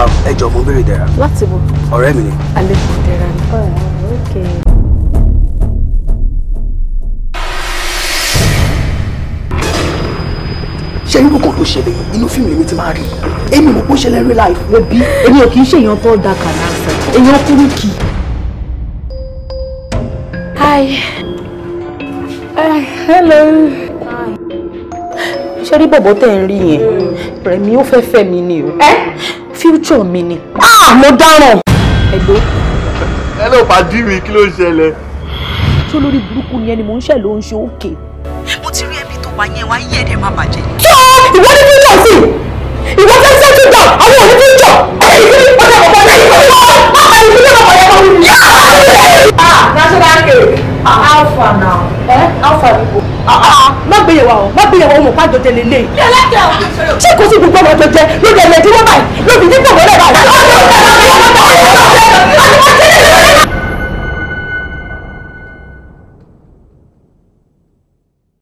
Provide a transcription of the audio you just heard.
Um, ẹ jọ mo béèrè dẹ̀ra. láti wo. ọ̀rẹ́ mi ni. àlejò dẹ̀ra ni. ọ̀rọ̀ oh, ok. ṣe irú kan ló ṣẹlẹ̀ yìí inú fíìmù èmi ti máa rí èmi mọ̀ pé ó ṣẹlẹ̀ real life. bí èmi ò kì í ṣèyàn tó da kàná sẹ èyàn kúrú kì í. hi uh, hello ṣé rí bọ̀bọ̀ tẹ̀ ń rí yẹn hmm. rẹ̀mí ó fẹ́ fẹ́ mi ni o. Eh? future mi ni. ah mo dáràn. ẹ̀gbẹ́. ẹ lọ pàdé mi kí ló ń ṣẹlẹ̀. tí olórí burúkú ni ẹni mò ń ṣe ló ń ṣe òkè. mo ti rí ẹbí tó wà yẹn wá yí ẹ̀dẹ̀ má bàjẹ́. tó ìwọ ní future sí ìwọ fẹ́ fẹ́ tó dà àwọn òní future. ọ̀dà ọ̀pọ̀ náà yóò wá máa ń bí ọ̀pọ̀ yẹn máa ń bí. ah national ah, ah, gbéyàwó àwọn wọ́n gbéyàwó àwọn mọ̀pá àjọjẹ lélẹ̀. ṣé kò sí gbogbo ọmọ àjọjẹ lóde ẹ̀yẹ tí wọ́n báyìí lóbi nígbà wọ́n